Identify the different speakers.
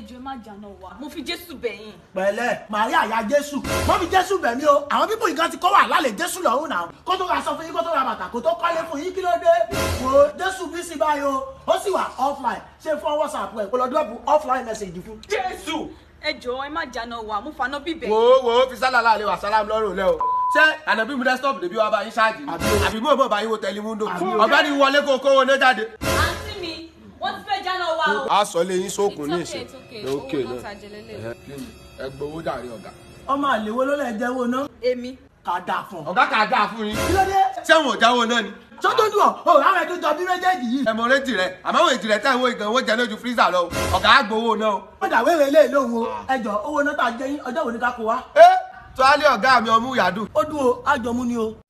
Speaker 1: ẹjọ ẹ má jàná wa mo fi jésù bẹ̀yìn.
Speaker 2: pẹ̀lẹ́ maria ya jésù mo fi jésù bẹ̀ mí o àwọn bíbù yìí kan ti kọ́ wà lálẹ́ jésù lọ́hùn náà kó tó ra sọ fún yín kó tó ra bàtà kó tó kọ́lé fún yín kí ló dé wò ó jésù bí sí báyìí o ó sì wà offline ṣe fún whatsapp ẹ kó lọ dọ́ọ̀bù offline
Speaker 3: message fún.
Speaker 1: jésù ẹjọ ẹ má jàná wa mo faná bíbẹ. wo wo
Speaker 3: fi sálàlà àlewà sálàm lọ́rùn lẹ́ o ṣé ànàbí mi desktop dèbí wa bá yín ṣáàjì àbí mo mọ̀ bá yín wo tẹ̀lé wúndò ọ̀gbẹ́ni wọlé kó kówó ní jáde
Speaker 4: a sọ lé yín sókun ní ìsìn ok náà
Speaker 3: ẹ gbowó dàrí ọ̀gá.
Speaker 2: ọmọ àlèwọ́ ló lè jẹ́wọ́ náà. èmi. kà dà fún. ọ̀gá kà dà
Speaker 3: fún yín. kí ló dé. sẹ́wọ̀n jáwọ́ náà ni. sọ́tò dùn ọ́ o àwọn ètò ìjọba méjèèjì yìí. ẹ̀mọ rétí rẹ àmọ́ òye tìrẹ tẹ́ ìwé owó jẹ lójú fírísà lọ ọ̀gá àgbowó náà.
Speaker 2: wọ́n dà wéwèé lé lóhùn o ẹjọ́ owó náà tà jẹ́yìn ọjọ́ wo ni ká kó wa. ẹ
Speaker 4: tọ́lá